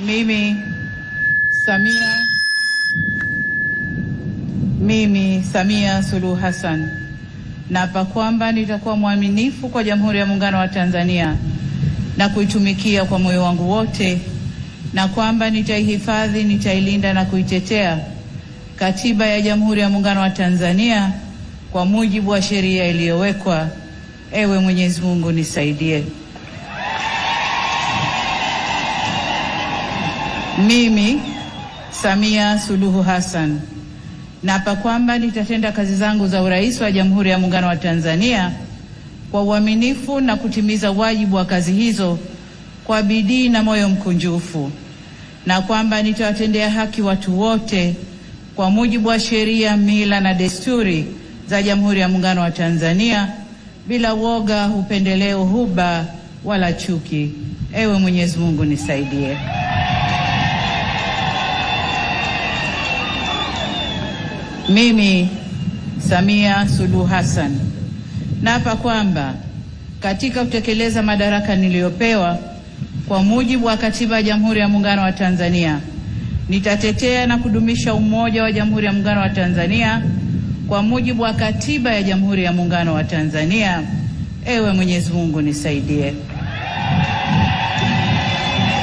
Mimi Samia, mimi Samia Suluhu Hassan naapa kwamba nitakuwa mwaminifu kwa Jamhuri ya Muungano wa Tanzania na kuitumikia kwa moyo wangu wote, na kwamba nitaihifadhi, nitailinda na kuitetea Katiba ya Jamhuri ya Muungano wa Tanzania kwa mujibu wa sheria iliyowekwa. Ewe Mwenyezi Mungu nisaidie. Mimi Samia Suluhu Hassan naapa kwamba nitatenda kazi zangu za urais wa Jamhuri ya Muungano wa Tanzania kwa uaminifu na kutimiza wajibu wa kazi hizo kwa bidii na moyo mkunjufu, na kwamba nitawatendea haki watu wote kwa mujibu wa sheria, mila na desturi za Jamhuri ya Muungano wa Tanzania bila woga, upendeleo, huba wala chuki. Ewe Mwenyezi Mungu nisaidie. Mimi Samia Suluhu Hassan naapa kwamba katika kutekeleza madaraka niliyopewa kwa mujibu wa Katiba ya Jamhuri ya Muungano wa Tanzania nitatetea na kudumisha umoja wa Jamhuri ya Muungano wa Tanzania kwa mujibu wa Katiba ya Jamhuri ya Muungano wa Tanzania. Ewe Mwenyezi Mungu nisaidie.